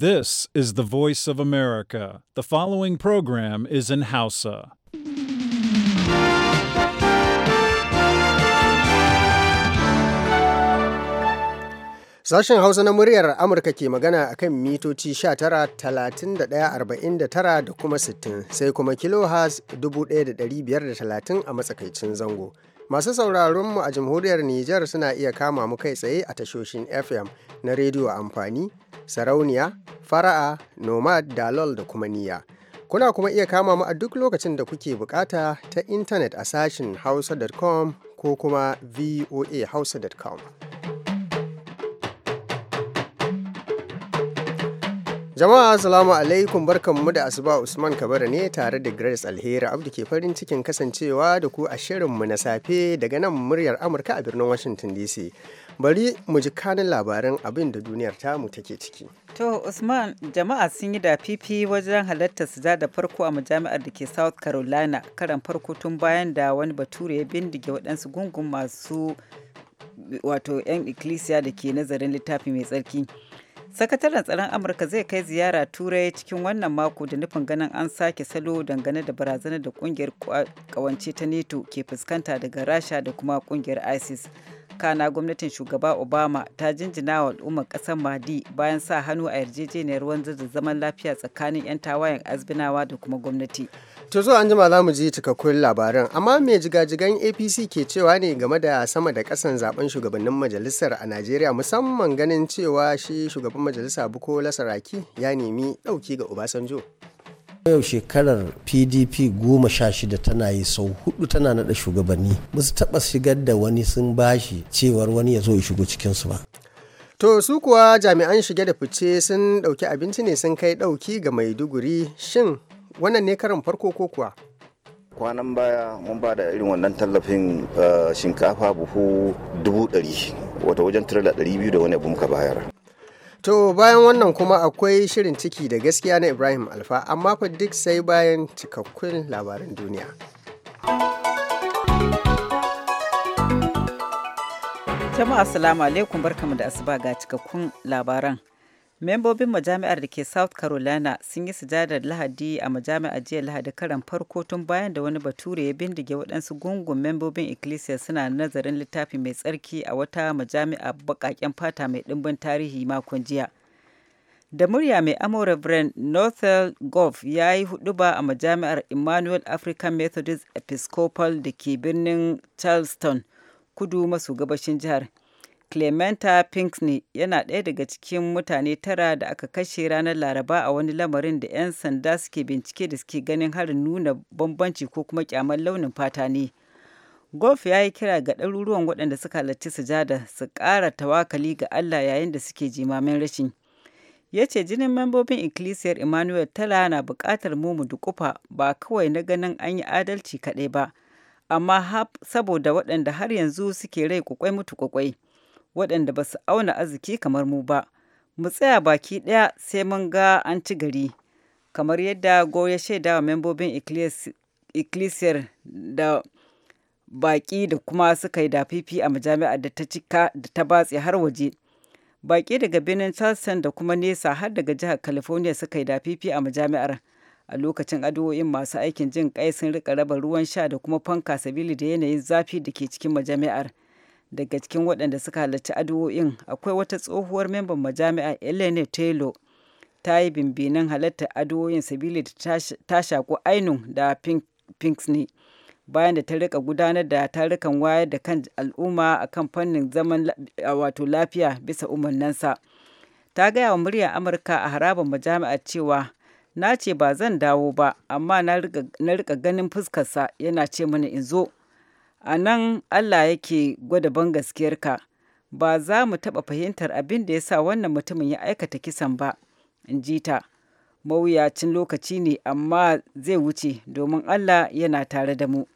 This is the voice of America. The following program is in Hausa. Sashen Hausa na muryar Amurka ke magana a kan mitoci 19,31,49 da kuma 60 sai kuma kilohertz 1,530 a matsakaicin zango. Masu sauraronmu a jamhuriyar Nijar suna iya kama mu kai tsaye a tashoshin FM na rediyo amfani sarauniya fara'a nomad dalol da kuma niyya kuna kuma iya kama mu a duk lokacin da kuke bukata ta intanet a sashen hausa.com ko kuma voahausa.com Jama'a Assalamu alaikum barkanmu da asuba Usman Kabara ne tare da Grace Alheri Abdu ke farin cikin kasancewa da ku a shirinmu na safe daga nan muryar Amurka a birnin Washington DC. bari mu ji kanin labaran abin da duniyar tamu take ciki. To Usman jama'a sun yi da fifi wajen halartar da farko a majami'ar da ke South Carolina karan farko tun bayan da wani bature ya bindige waɗansu gungun masu wato 'yan ikkilisiya da ke nazarin littafi mai tsarki. sakataren tsaron amurka zai kai ziyara turai cikin wannan mako da nufin ganin an sake salo dangane da barazanar da kungiyar kawance ta neto ke fuskanta daga rasha da kuma kungiyar isis kana gwamnatin shugaba obama ta jinjina wa al'ummar kasar madi bayan sa hannu a yarjejeniyar wanzar da zaman lafiya tsakanin 'yan tawayen azbinawa da kuma gwamnati To zo an jima za mu ji cikakkun labaran, amma mai jigajigan APC ke cewa ne game da sama da kasan zaben shugabannin majalisar a Najeriya musamman ganin cewa shi shugaban majalisa Bukola Saraki ya nemi ɗauki ga Obasanjo. yau shekarar pdp goma sha shida tana yi sau hudu tana nada shugabanni ba su taba shigar da wani sun bashi cewar wani ya zo ya shigo cikinsu ba to su kuwa jami'an shige da fice sun dauki abinci ne sun kai dauki ga maiduguri shin wannan ne karin farko ko kuwa kwanan baya mun ba da irin wannan tallafin eh, shinkafa buhu dubu ɗari wata wajen tirala ɗari biyu da wani abu muka bayar To bayan wannan kuma akwai shirin ciki da gaskiya na Ibrahim Alfa amma fa duk sai bayan cikakkun labaran duniya. Jama'a assalamu alaikum barkamu da asuba ga cikakkun labaran. Membobin majami'ar da ke South Carolina sun yi sujadar Lahadi a majami'ar jiya Lahadi karan farko tun bayan da wani bature ya bindige waɗansu gungun membobin Ecclesia suna nazarin littafi mai tsarki a wata majami'a baƙaƙen fata mai ɗimbin tarihi makon jiya. Da murya mai amo Reverend Northel Goff ya yi huɗuba a majami'ar Emmanuel African Methodist Episcopal da ke birnin Charleston, kudu maso gabashin jihar. Clementa Pinckney yana ɗaya daga cikin mutane tara da aka kashe ranar Laraba a wani lamarin da 'yan sanda suke bincike da suke ganin harin nuna bambanci ko kuma kyamar launin fata ne. Golf ya yi kira ga ɗaruruwan waɗanda suka halarci sujada su ƙara tawakali ga Allah yayin da suke jimamin rashin. Ya ce jinin membobin ikkilisiyar Emmanuel Tala na buƙatar mu mu dukufa ba kawai na ganin an yi adalci kaɗai ba, amma saboda waɗanda har yanzu suke rai kwakwai mutu kwakwai. waɗanda ba su auna arziki kamar mu ba mu tsaya baki ɗaya sai mun ga an ci gari kamar yadda go ya shaida wa membobin ikkilisiyar da baƙi da kuma suka yi dafifi a majami'ar da ta cika da ta batse har waje baƙi daga birnin charleston da kuma nesa har daga jihar california suka yi dafifi a majami'ar a lokacin addu'o'in masu aikin jin ƙai sun rika raba ruwan sha da kuma fanka sabili da yanayin zafi da ke cikin majami'ar daga cikin waɗanda suka halarci addu'o'in akwai wata tsohuwar memban majami'a elene taylor ta yi bimbinan halartar addu'o'in sabili da ta shaku ainun da ne bayan da ta rika gudanar da tarukan wayar da kan al'umma a kan fannin zaman wato lafiya bisa umarninsa ta gaya wa muryar amurka a harabar majami'a cewa na ce ba zan dawo ba amma na rika ganin fuskarsa yana ce mana in zo A nan Allah yake gwada ban gaskiyarka ba za mu taɓa fahimtar abin da ya sa wannan mutumin ya aikata kisan ba, in ji ta. Mawuyacin lokaci ne amma zai wuce domin Allah yana tare da mu.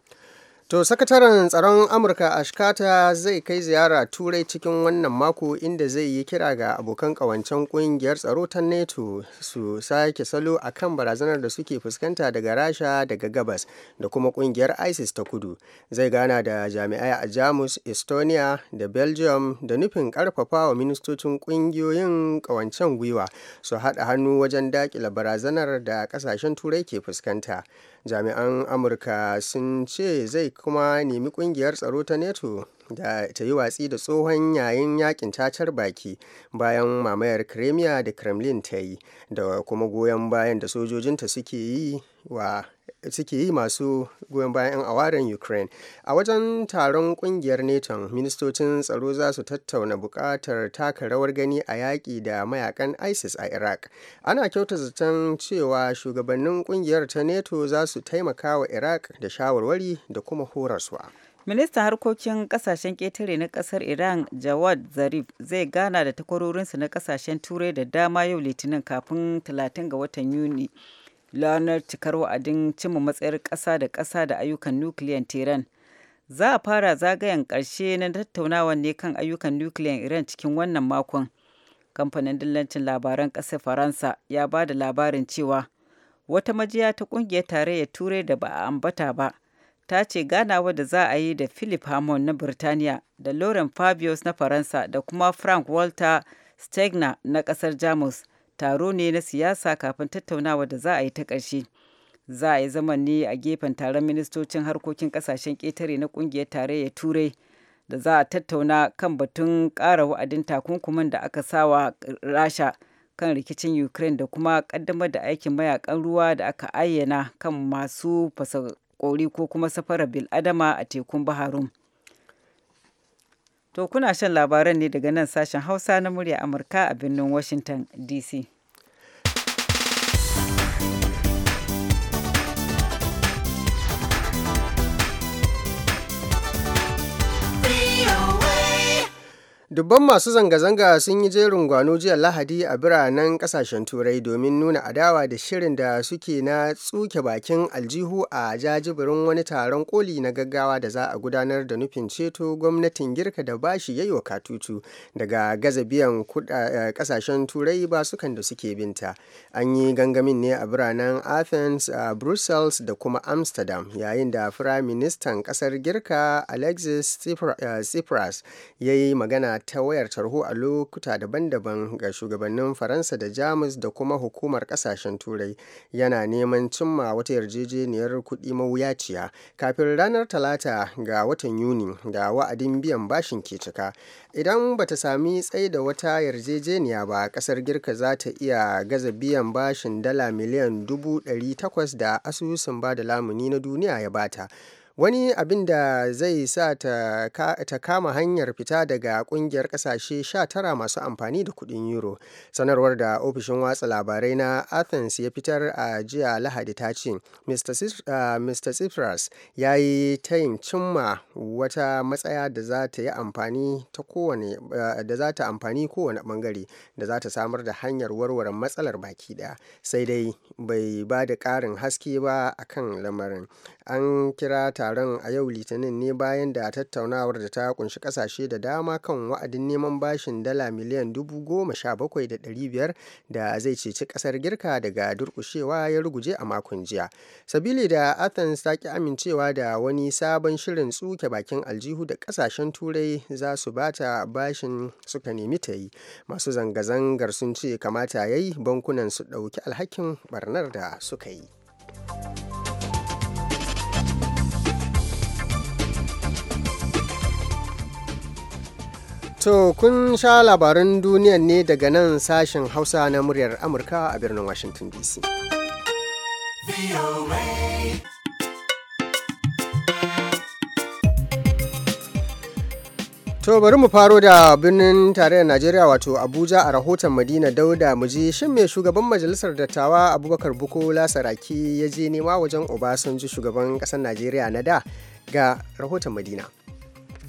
To sakataren tsaron Amurka Shikata zai kai ziyara turai cikin wannan mako inda zai yi kira ga abokan kawancen kungiyar tsaro ta NATO su sake salo a kan barazanar da suke fuskanta daga Rasha daga gabas da kuma kungiyar ISIS ta kudu. Zai gana da jami'ai a Jamus, Estonia da Belgium da nufin karfafa wa ministocin kungiyoyin kawancen gwiwa su haɗa hannu wajen barazanar da ƙasashen turai ke fuskanta. jami'an amurka sun ce zai kuma nemi kungiyar tsaro ta neto da ta yi watsi da tsohon yayin yakin tacar baki bayan mamayar kremia da kremlin ta yi da kuma goyon bayan da sojojinta suke yi wa suke yi masu goyon bayan 'yan awaren ukraine a wajen taron kungiyar nato ministocin tsaro za su tattauna bukatar taka rawar gani a yaƙi da mayakan isis a iraq ana kyauta zaton cewa shugabannin kungiyar ta nato za su taimaka wa iraq da shawarwari da kuma horaswa ministan harkokin kasashen ƙetare na ƙasar iran jawad zarif zai gana da takwarorinsa na kasashen turai da dama yau litinin kafin 30 ga watan yuni ranar cikar wa'adin cimma matsayar ƙasa da ƙasa da ayyukan nukiliyan Tehran. Za a fara zagayen ƙarshe na tattaunawar ne kan ayyukan nukiliyan Iran cikin wannan makon. Kamfanin dillancin labaran ƙasar Faransa ya ba da labarin cewa wata majiya ta ƙungiyar tarayyar Turai da ba a ambata ba. ta ce ganawa da za a yi da philip hammond na birtaniya da lauren fabius na faransa da kuma frank walter stegner na ƙasar jamus taro ne na siyasa kafin tattaunawa da za a yi ta ƙarshe za a yi zaman ne a gefen taron ministocin harkokin ƙasashen ƙetare na ƙungiyar tarayyar turai da za a tattauna kan batun ƙara wa'adin takunkumin da aka sawa rasha kan rikicin ukraine da kuma ƙaddamar da aikin mayakan ruwa da aka ayyana kan masu fasa ƙori ko kuma safarar bil'adama a tekun baharum. To kuna shan labaran ne daga nan sashen Hausa na murya Amurka a birnin Washington DC. Dubban masu zanga-zanga sun yi jerin gwano jiya Lahadi a biranen kasashen Turai domin nuna adawa da shirin da suke na tsuke bakin aljihu a jajibirin wani taron koli na gaggawa da za a gudanar da nufin ceto gwamnatin girka da bashi ya yi katutu daga gaza biyan kasashen eh, Turai ba su da suke binta. An yi gangamin ne a biranen Athens, a Brussels da kuma Amsterdam yayin da Firaministan ƙasar Girka Alexis eh, Tsipras ya yi magana ta wayar tarho a lokuta daban-daban ga shugabannin faransa da jamus da kuma hukumar kasashen turai yana neman cimma wata yarjejeniyar kuɗi mawuyaciya kafin ranar talata ga watan yuni da wa'adin biyan bashin ke cika idan bata sami tsaye da wata yarjejeniya ba kasar girka za ta iya gaza biyan bashin dala miliyan dubu ɗari takwas da asusun ba da lamuni na duniya ya bata wani abin da zai sa ta, kama hanyar fita daga kungiyar kasashe 19 masu amfani da kudin euro sanarwar da ofishin watsa labarai na athens ya fitar a jiya lahadi ta ce mr ah, tsipras ya yi tayin cimma wata matsaya da za ta yi amfani ta kowane ah, da za ta amfani kowane bangare da za ta samar da hanyar warware matsalar baki daya sai dai bai ba da karin haske ba akan lamarin an kira taron a yau litinin ne bayan da tattaunawar da ta kunshi kasashe da dama kan wa'adin neman bashin dala miliyan dubu goma sha bakwai da ɗari biyar da zai ceci kasar girka daga durkushewa ya ruguje a makon jiya sabili da athens ta ki amincewa da wani sabon shirin tsuke bakin aljihu da kasashen turai za su bata bashin suka nemi ta yi masu zanga-zangar sun ce kamata ya yi bankunan su ɗauki alhakin barnar da suka yi. To kun sha labaran duniyan ne daga nan sashen Hausa na muryar Amurka a birnin Washington DC. To bari mu faro da birnin tarayyar Najeriya wato Abuja a rahoton Madina Dauda mu je shin me shugaban majalisar dattawa Abubakar Bukola Saraki ya je nema wajen Obasanjo shugaban ƙasar Najeriya na da ga rahoton Madina.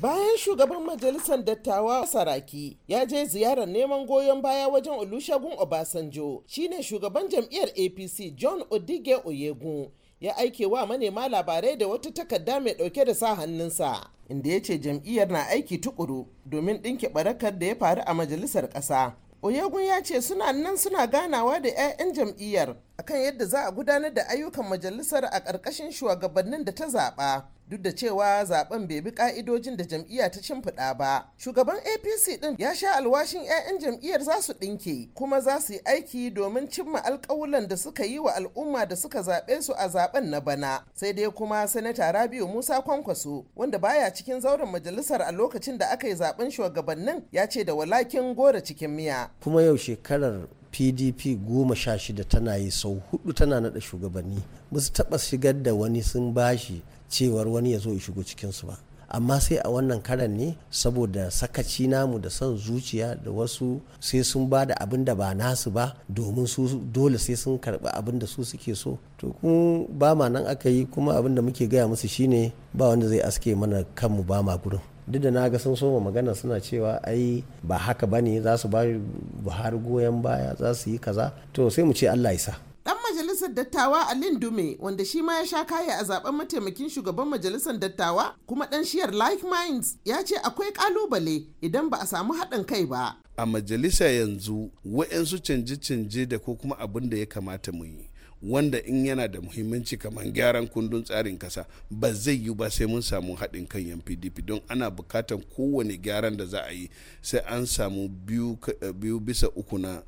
bayan shugaban majalisar dattawa saraki ya je ziyarar neman goyon baya wajen olusegun obasanjo shine shugaban jam'iyyar apc john odige oyegun ya aike wa manema labarai da wata takarda mai dauke da sa hannunsa inda ya ce jam'iyyar na aiki tukuru domin ɗinki barakar da ya faru a majalisar ƙasa oyegun ya ce suna nan suna ganawa da 'ya'yan jam'iyyar akan yadda za a gudanar da ayyukan majalisar a ƙarƙashin shugabannin da ta zaɓa duk da cewa zaben bai bi ka'idojin da jam'iyya ta shimfiɗa ba shugaban apc ɗin ya sha alwashin 'ya'yan jam'iyyar za su ɗinke kuma za su yi aiki domin cimma alƙawulan da suka yi wa al'umma da suka zaɓe su a zaben na bana sai dai kuma sanata rabiu musa kwankwaso wanda baya cikin zauren majalisar a lokacin da aka yi zaben shugabannin ya ce da walakin gora cikin miya kuma yau shekarar pdp goma sha shida tana yi sau hudu tana nada shugabanni ba taba shigar da wani sun bashi cewar wani ya zo ya shigo cikinsu ba amma sai a wannan karan ne saboda sakaci namu da son zuciya da wasu sai sun ba da abin da ba nasu ba domin su dole sai sun karɓi abin da su suke so to kun ba ma nan aka yi kuma abin da muke gaya musu shine ba wanda zai aske mana kanmu ba ma gurin duk da na ga sun soma magana suna cewa ai ba haka ba ne za su ba buhari goyon baya za su yi kaza to sai mu ce allah ya sa dan majalisar dattawa alin dume wanda shi ma ya sha kaya a zaben mataimakin shugaban majalisar dattawa kuma dan shiyar like minds ya ce akwai kalubale idan ba a samu haɗin kai ba a majalisa yanzu wa'yansu canje-canje da ko kuma abin da ya kamata mu yi wanda in yana da muhimmanci kamar gyaran kundin tsarin kasa ba zai yi ba sai mun samu haɗin kan yan pdp don ana bukatan kowane gyaran da za a yi sai an samu biyu eh, bisa uku na,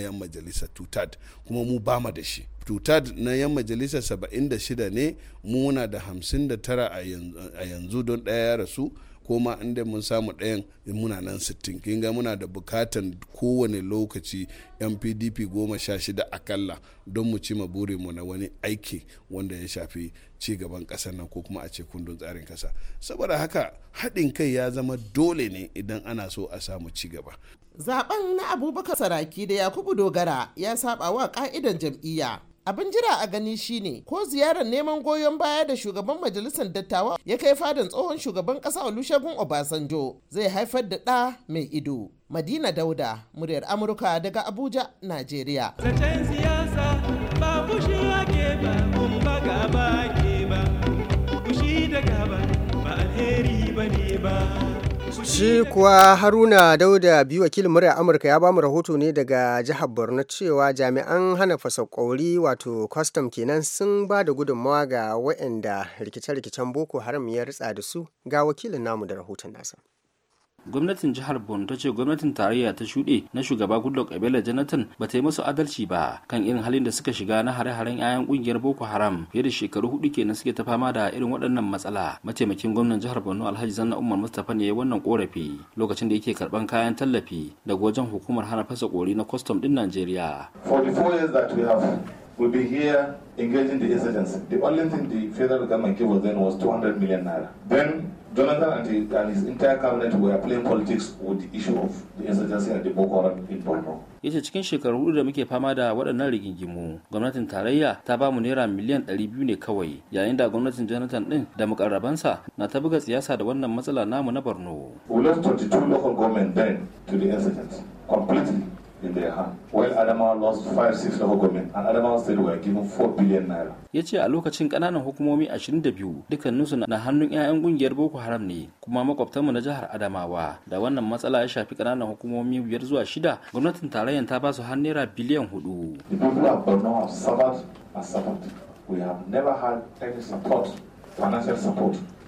yan majalisa tutad kuma mu bama da shi tutad na yan majalisa 76 ne muna da 59 a yanzu don ɗaya ya rasu ko ma inda mun samu ɗayan muna nan sittin kinga muna da bukatan kowane lokaci yan pdp goma sha shida akalla don mu ci mu na wani aiki wanda ya shafi ci gaban ƙasar nan ko kuma a ce kundin tsarin ƙasa saboda haka haɗin kai ya zama dole ne idan ana so a samu ci gaba zaben na abubakar saraki da yakubu dogara ya saba wa ka'idan jam'iyya abin jira a gani shine ko ziyarar neman goyon baya da shugaban majalisar dattawa ya kai fadin tsohon shugaban kasa olusegun obasanjo zai haifar da ɗa mai ido madina dauda muryar amurka daga abuja nigeria ba alheri ba ne ba Shi kuwa Haruna Dauda biyu wakilin murya Amurka ya ba mu rahoto ne daga jihar Borno cewa jami'an hana kwauri wato custom kenan sun ba da gudunmawa ga waɗanda rikice-rikicen Boko Haram ya ritsa da su ga wakilin namu da rahoton nasa. gwamnatin jihar borno ta ce gwamnatin tarayya ta shuɗe na shugaba goodluck ebele jonathan ba ta yi masu adalci ba kan irin halin da suka shiga na hare-haren 'ya'yan ƙungiyar boko haram fiye da shekaru hudu kenan suke ta fama da irin waɗannan matsala mataimakin gwamnan jihar borno alhaji zanna umar mustapha ne ya wannan korafi lokacin da yake karban kayan tallafi daga wajen hukumar hana fasa kori na kwastam din najeriya will be here engaging the insurgents. The only thing the federal government gave us then was 200 million naira. Then Jonathan and, the, and his entire cabinet were playing politics with the issue of the insurgency and the Boko Haram in Borno. yace cikin shekaru da muke fama da waɗannan rigingimu gwamnatin tarayya ta ba mu naira miliyan 200 ne kawai yayin da gwamnatin jonathan din da mukarrabansa na ta buga siyasa da wannan matsala namu na borno we lost 22 local government then to the insurgents completely in their hand. Ya ce a lokacin ƙananan hukumomi 22 dukkaninsu na hannun 'ya'yan ƙungiyar Boko Haram ne kuma makwabtanmu na jihar Adamawa da wannan matsala ya shafi ƙananan hukumomi biyar zuwa shida gwamnatin tarayyar ta ba su har naira biliyan hudu. never had any support, financial support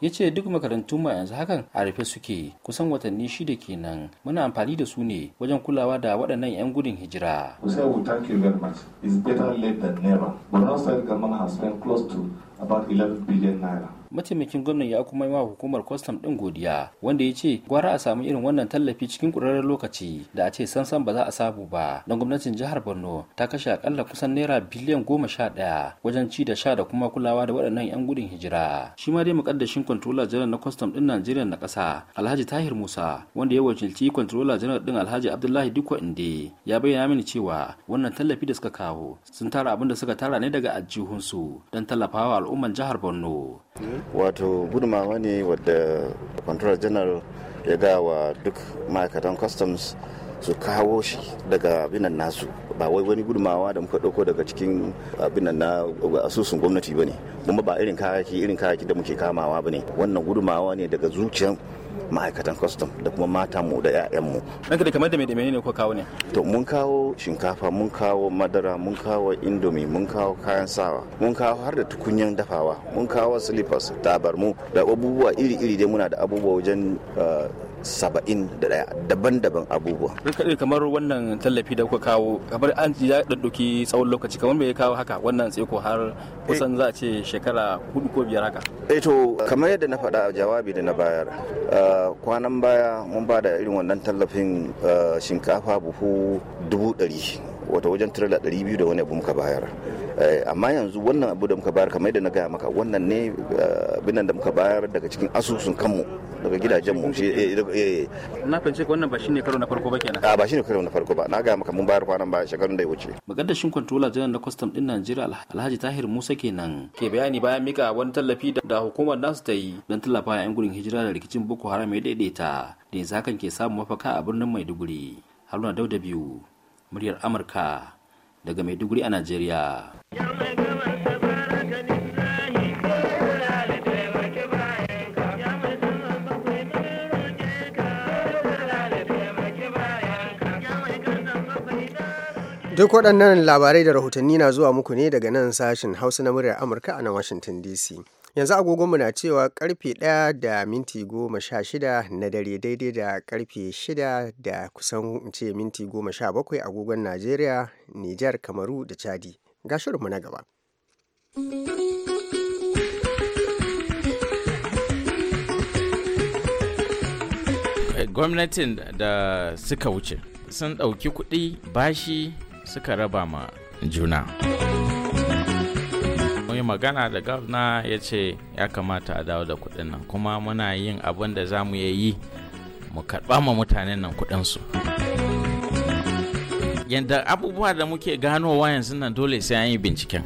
ya ce duk makarantu ma yanzu hakan a rufe suke kusan watanni shida kenan muna amfani da su ne wajen kulawa da waɗannan 'yan gudun hijira. We say we thank you very much. It's better late than never. State government has spent close to about 11 billion mataimakin gwamnan ya kuma yi wa hukumar kwastam ɗin godiya wanda ya ce gwara a samu irin wannan tallafi cikin ƙurarren lokaci da a ce sansan ba za a sabu ba don gwamnatin jihar borno ta kashe akalla kusan naira biliyan goma sha ɗaya wajen ci da sha da kuma kulawa da waɗannan 'yan gudun hijira shi ma dai mukaddashin kwantrola janar na kwastam din najeriya na kasa alhaji tahir musa wanda ya wakilci kwantrola janar din alhaji abdullahi dikko inde ya bayyana mini cewa wannan tallafi da suka kawo sun tara abin da suka tara ne daga ajihunsu don tallafawa al'umman jihar borno wato gudumawa ne wadda kwantrola janar ya gawa duk ma'aikatan customs su kawo shi daga binan nasu ba wai wani gudumawa da muka ɗauko daga cikin binan na asusun gwamnati ba ne kuma ba irin kayaki irin kayaki da muke kamawa ba ne wannan gudumawa ne daga zuciyan ma'aikatan kwastam da kuma mata mu da mu Ranka da kamar da mai ne ko kawo ne? To mun kawo shinkafa, mun kawo madara, mun kawo indomi, mun kawo kayan sawa, mun kawo har da tukunyan dafawa, mun kawo slippers, tabarmu da abubuwa iri-iri dai muna da abubuwa wajen ah, saba'in daɗaya daban-daban abubuwa. kamar wannan tallafi da kuka kawo kamar an ya ɗaɗɗuki tsawon lokaci kamar me ya kawo haka wannan tseko har kusan za a ce shekara hudu ko biyar haka. eh to kamar yadda na faɗa jawabi da na bayar eh, kwanan baya mun ba da irin wannan tallafin eh, shinkafa buhu dubu ɗari wato wajen ɗari 200 da wani abu muka bayar eh, amma yanzu wannan abu da muka bayar kamar yadda na gaya maka wannan ne eh, binan da muka bayar daga cikin asusun kanmu daga gidajen mu eh, na fahimci wannan ba shine karo na farko ba kenan a ba shine karo na farko ba na gaya maka mun bayar kwanan ba shekarun da ya wuce magaddashin kwantola janar na kwastam din Najeriya Alhaji Tahir Musa kenan ke bayani bayan mika wani tallafi da hukumar nasu ta yi don tallafa yan gudun hijira da rikicin Boko Haram ya daidaita da yanzu hakan ke samun mafaka a birnin Maiduguri Haruna Dauda biyu muryar amurka daga maiduguri a najeriya Duk waɗannan labarai da rahotanni na zuwa muku ne daga nan sashen Hausa na muryar Amurka a nan Washington DC. yanzu agogonmu na cewa karfe ɗaya da minti goma sha shida na dare daidai da karfe shida da kusan ce minti goma sha bakwai agogon najeriya nijar kamaru da chadi ga shirinmu na gaba eh, gwamnatin da suka wuce sun ɗauki kuɗi bashi suka raba ma juna. yi magana da gwamna ya ce ya kamata a dawo da kuɗin nan kuma muna yin abin da za mu yi mu karɓa ma mutanen nan kuɗinsu yadda abubuwa da muke ganowa yanzu nan dole sai an yi binciken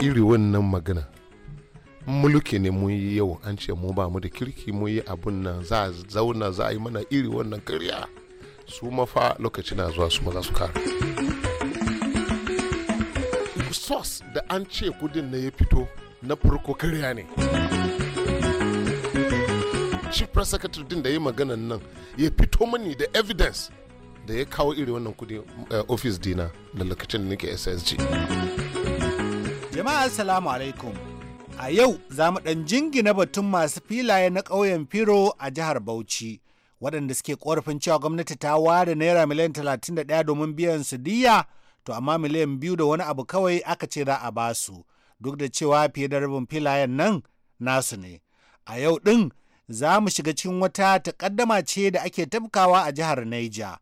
iri wannan magana mulki ne mun yi yau an ce mu ba mu da kirki mun yi abun nan za a zauna za a yi mana iri wannan karya su mafa lokaci na zuwa su ma za su kara sauce da an ce kudin na ya fito na farko karya ne chief press secretary din da ya maganan nan ya fito mani da evidence da ya kawo iri wannan kudin eh, office dina da lokacin da nake ssg jama'a assalamu alaikum a yau za mu ɗan jingina batun masu filaye na ƙauyen firo a jihar bauchi waɗanda suke ƙorafin cewa gwamnati ta ware naira miliyan ɗaya domin biyan su diya to amma miliyan biyu da wani abu kawai aka ce za a ba su duk da cewa fiye da rabin filayen nan nasu ne a yau ɗin za mu shiga cikin wata takaddama ce da ake tafkawa a jihar Niger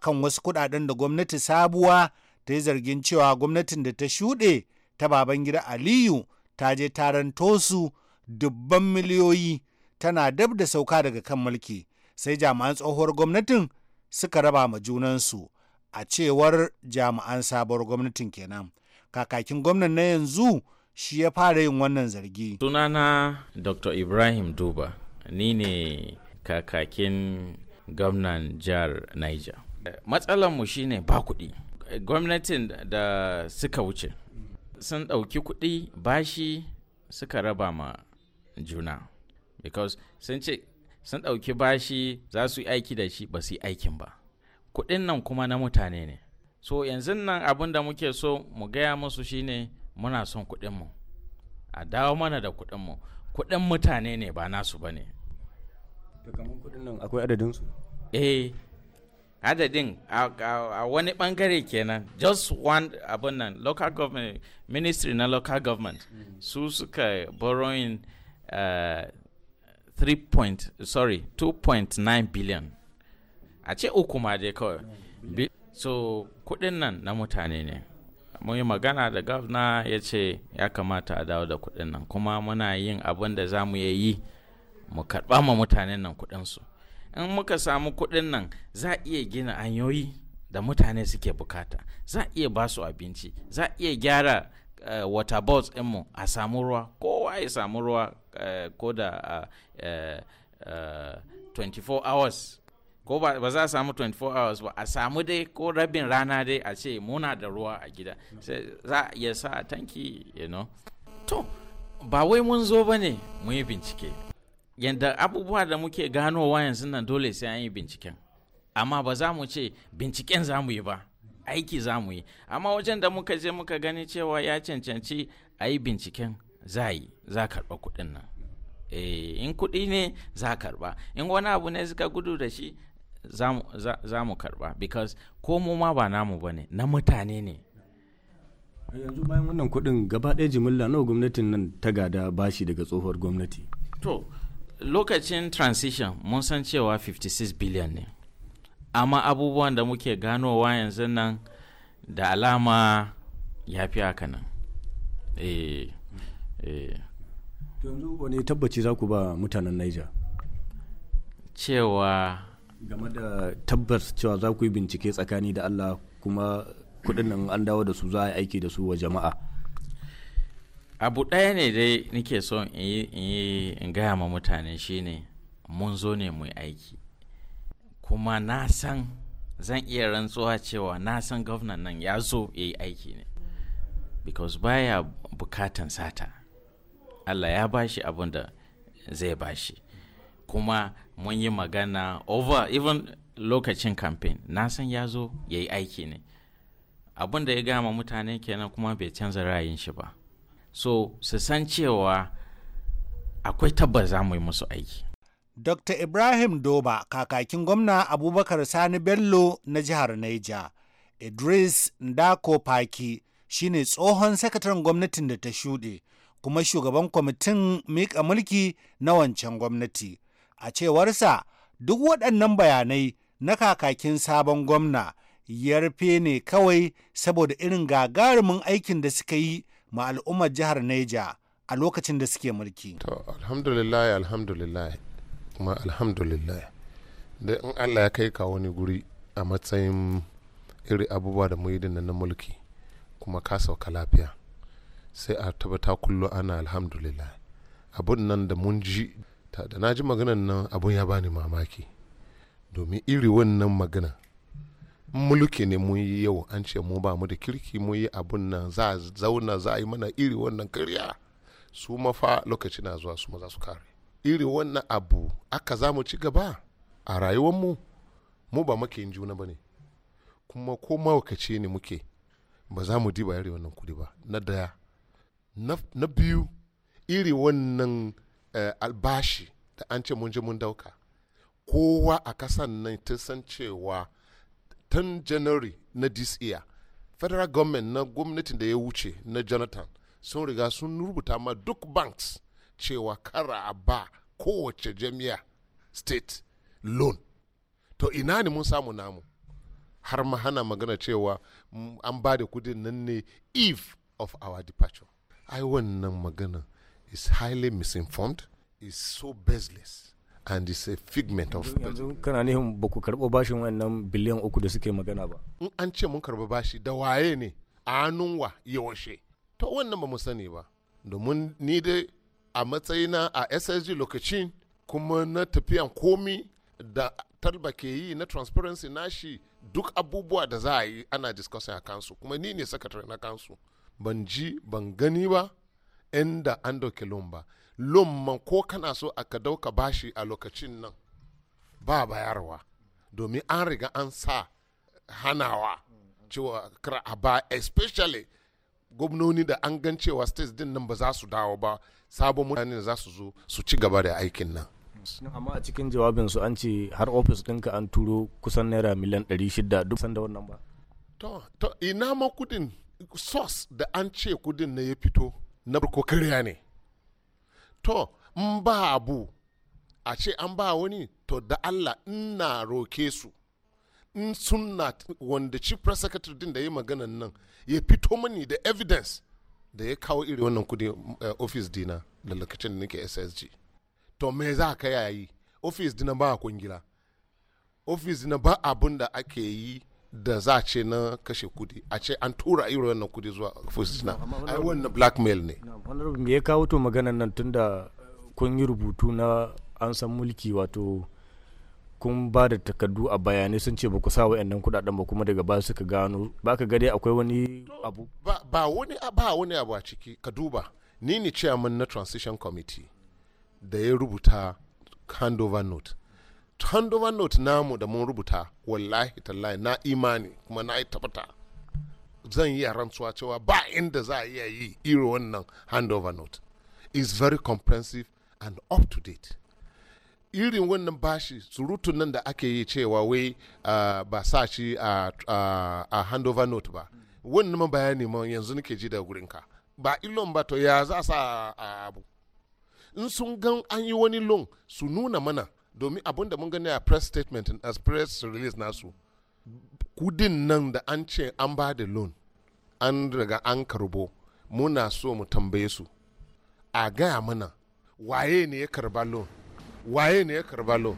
kan wasu kuɗaɗen da gwamnati sabuwa ta yi zargin cewa gwamnatin da ta shuɗe ta baban gida Aliyu ta je taranto su dubban miliyoyi tana dab da sauka daga kan mulki sai jami'an tsohuwar gwamnatin suka raba ma junansu a cewar jami'an sabuwar gwamnatin kenan kakakin gwamnan na yanzu shi ya fara yin wannan zargi sunana dr ibrahim duba ni ne kakakin gwamnan jihar niger matsalanmu shine ba kuɗi gwamnatin da suka wuce sun ɗauki kuɗi bashi suka raba ma juna because sun ce sun ɗauki bashi za su yi aiki da shi ba su yi aikin ba kuɗin nan kuma na mutane ne so yanzu nan abin da muke so mu gaya musu shine muna son kuɗinmu a dawo mana da kuɗinmu kuɗin mutane ne ba nasu ba ne kamar kuɗin nan akwai adadinsu eh, adadin a wani bangare kenan just one abin nan local government ministry na local government mm. su suka borrowing uh, eh, 3 point sorry 2.9 billion a ce uku ma dai kawai so kudin nan na mutane ne mun magana da gavna ya ce ya kamata a dawo da kudin nan kuma muna yin abin da za mu yi mu karɓa ma mutanen nan kudinsu in muka samu kudin nan za a iya gina hanyoyi da mutane suke bukata za a iya ba abinci za a iya gyara eh, water boats mu a samu ruwa kowa ya samu ruwa eh, ko da 24 eh, hours ko ba za a samu 24 hours ba a samu dai ko rabin rana dai a ce muna da ruwa a gida sai za a sa a tanki you know to ba wai mun zo ba ne mu yi bincike yadda abubuwa da muke ganowa yanzu nan dole sai an yi binciken amma ba za mu ce binciken za mu yi ba aiki za mu yi amma wajen da muka je muka gani cewa ya cancanci a yi binciken za yi za karɓa kuɗin nan eh, in kuɗi ne za karɓa in wani abu ne suka gudu da shi za mu karba because ko mu ma ba namu bane na mutane ne yanzu bayan wannan kuɗin gaba ɗaya jimilla nawa gwamnatin nan ta gada bashi daga tsohuwar gwamnati to lokacin transition mun san cewa 56 billion ne amma abubuwan da muke ganowa yanzu nan da alama ya fi haka nan eh, eh. yanzu wani tabbaci za ku ba mutanen Niger cewa game da tabbas cewa za ku yi bincike tsakani da allah kuma kudin nan an dawo da su za a yi aiki da su wa jama'a abu ɗaya ne dai nake son in gaya ma mutane shine mun zo ne mu aiki kuma na san zan iya rantsuwa cewa na san gwamnan nan ya zo ya yi aiki ne because baya bukatan sata allah ya bashi abun da zai bashi kuma mun yi magana over even lokacin campaign na san ya zo ya yi aiki ne abin da ya gama mutane kenan kuma bai canza ra'ayin shi ba so su san cewa akwai tabbas za mu yi musu aiki dr ibrahim doba kakakin gwamna abubakar sani bello na jihar naija idris ndako paki shine tsohon sakataren gwamnatin da ta shuɗe kuma shugaban kwamitin miƙa mulki na wancan gwamnati a cewarsa duk waɗannan bayanai na kakakin sabon gwamna ya rufe ne kawai saboda irin gagarumin aikin da suka yi ma al'ummar jihar Neja a lokacin da suke mulki. To alhamdulillah alhamdulillah kuma alhamdulillah da in Allah ya kai ka wani guri a matsayin iri abubuwa da muyi na mulki kuma ka sauka lafiya sai a tabbata kullu ana alhamdulillah abun nan da mun ji ta da na ji maganan nan abun ya bani mamaki domin iri wannan magana mulki ne mun yi yau an ce mu ba mu da kirki mun yi abun nan za a zauna za a yi mana iri wannan karya su mafa lokaci na zuwa su maza su kare iri wannan abu aka za mu ci gaba a rayuwarmu mu ba yin juna ba ne kuma ko mawakaci ne muke ba za mu diba iri wannan kudi ba na daya na biyu iri wannan Eh, albashi da an ce mun je mun dauka kowa a kasan nan ta san cewa tun january na this year federal government na gwamnatin da ya wuce na jonathan sun riga sun rubuta ma duk banks cewa kara a ba kowace jami'a state loan to ina ne mun samu namu har ma hana magana cewa an ba da kudin nan ne eve of our departure ai wannan magana is highly misinformed, is so baseless. and is a figment of yanzu kana nihin ba karɓo bashin wannan biliyan uku da suke magana ba in an ce mun karɓi bashi da waye ne a hannunwa yaushe to wannan ba mu sani ba domin ni dai a matsayina a ssg lokacin kuma na tafiyan komi da talba ke yi na transparency na shi duk abubuwa da za a yi ana discussing a kansu kuma ni ne sakatare na kansu ban ji ban gani ba inda an dauke lumba ba ko kana so aka dauka bashi a lokacin nan ba bayarwa domin an riga an sa hanawa cewa a ba especially gwamnoni da an gan cewa states din nan ba za su dawo ba sabon mutane za su zo su ci gaba da aikin nan amma a cikin jawabin su an ce har ofis ɗinka an turo kusan naira miliyan 600 duk sanda wannan ba to ina ma kudin source da an ce kudin na ya fito na farko karya ne to in ba abu a ce an ba wani to da allah ina roke su in suna wanda chief press din da ya maganan nan ya fito mani da evidence da ya kawo iri wannan kudi eh, office dina da lokacin da nake ssg to me za ka yayi office dina ba a kungila office dina ba abun da ake yi da za a ce na kashe kudi a ce an tura irin wannan kudi zuwa fusina ai wannan blackmail ne me ya kawo to maganan nan tunda kun yi rubutu na an san mulki wato kun ba da takardu a bayanai sun ce ba ku sa wa'annan kudaden ba kuma daga ba su ka gano ba ka gade akwai wani abu ba wani ba wani abu a ciki ka duba ni ne chairman na transition committee da ya rubuta handover note handover note namu da mun rubuta wallahi tallahi na imani kuma na yi tabbata zan yi rantsuwa cewa ba inda za a iya yi iri wannan handover note is very comprehensive and up to date irin wannan bashi surutun nan da ake yi cewa wai ba sa shi a handover note ba wannan ma bayani ma yanzu nake ji da ka ba ilon ba to ya za sa a abu in sun gan an yi wani loan su nuna mana domin abin da mun gani a press statement a press release nasu kudin nan da an ce an ba da loan an riga an karbo muna so mu tambaye su a gaya mana waye ne ya karba loan waye ne ya karba loan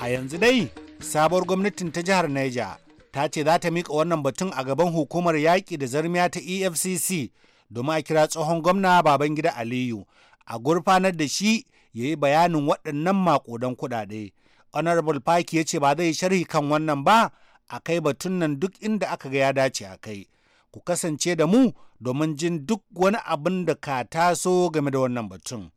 a yanzu dai sabuwar gwamnatin ta jihar Niger ta ce za ta miƙa wannan batun a gaban hukumar yaƙi da zarmiya ta efcc domin a kira tsohon gwamna Babangida Aliyu a gurfanar da shi ya yi bayanin waɗannan maƙudan kuɗaɗe. Honorable paki ya ce ba zai sharhi kan wannan ba a kai batun nan duk inda aka ga ya dace a kai. Ku kasance da mu domin jin duk wani abin da ka taso game da wannan batun.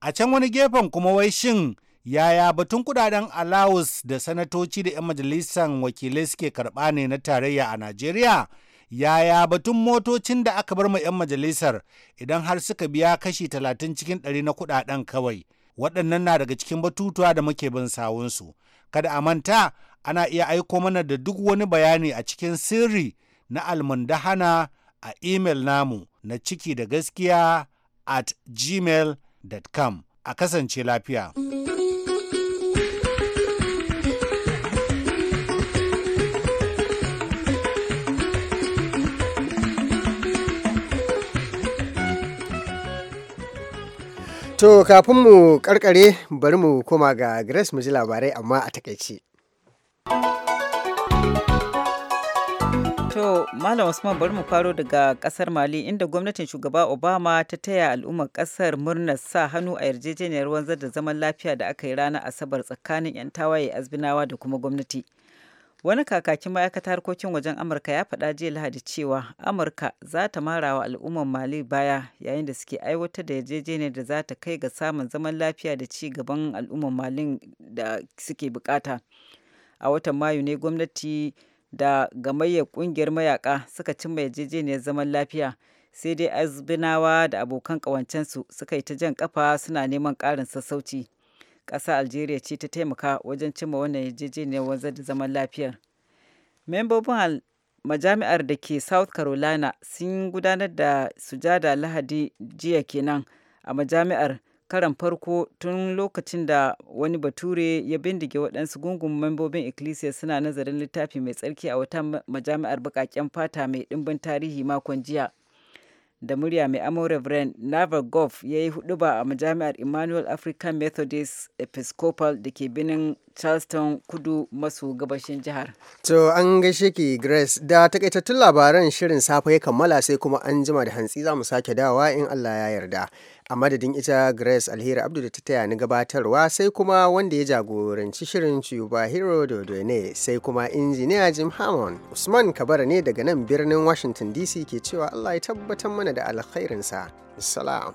A can wani gefen kuma wai shin yaya batun kudaden alawus da sanatoci da 'yan majalisar wakilai suke karɓa ne na tarayya a Najeriya? yaya batun motocin da aka bar mu 'yan majalisar idan har suka biya kashi talatin cikin ɗari na kuɗaɗen kawai waɗannan na daga cikin batutuwa da muke bin sawunsu kada a manta ana iya aiko mana da duk wani bayani a cikin sirri na almundahana a imel namu na ciki da gaskiya at gmail.com a kasance lafiya. Mm -hmm. To kafin mu karkare bari mu koma ga Grace mu ji labarai amma a takaice. To Malam Usman bari mu faro daga kasar Mali inda gwamnatin shugaba Obama ta taya al'ummar kasar murnar sa hannu a yarjejeniyar wanzar da zaman lafiya da aka yi ranar Asabar tsakanin 'yan tawaye azbinawa da kuma gwamnati. wani kakakin ma'aikatar harkokin wajen amurka ya faɗa jiya lahadi cewa amurka za ta mara wa al'ummar mali baya yayin da suke aiwatar da yarjejeniyar da za ta kai ga samun zaman lafiya da ci gaban al'ummar malin da suke bukata a watan mayu ne gwamnati da gamayyar kungiyar mayaka suka cimma yarjejeniyar zaman lafiya sai dai azbinawa da abokan kawancensu suka yi ta jan kafa suna neman ƙarin sassauci ƙasa algeria ce ta taimaka wajen cimma wannan yarjejeniyar wanzar da zaman lafiyar membobin majami'ar da ke south carolina sun gudanar da sujada lahadi jiya kenan a majami'ar karan farko tun lokacin da wani bature ya bindige waɗansu gungun membobin ecclesia suna nazarin littafi mai tsarki a wata majami'ar baƙaƙen fata mai ɗimbin tarihi makon jiya da murya mai amo Reverend Navar Goff ya yi huduba a majami'ar Emmanuel African Methodist Episcopal da ke binin Charleston kudu maso gabashin jihar. To an gaishe ki Grace da takaitattun labaran shirin safe ya kammala sai kuma an jima da hantsi za mu sake dawa in Allah ya yarda. a madadin ita grace alheri abdu da ta taya ni gabatarwa sai kuma wanda ya jagoranci shirin cuba hero ne sai kuma injiniya jim hammond usman kabara ne daga nan birnin washington dc ke cewa allah ya tabbatar mana da alkhairinsa salam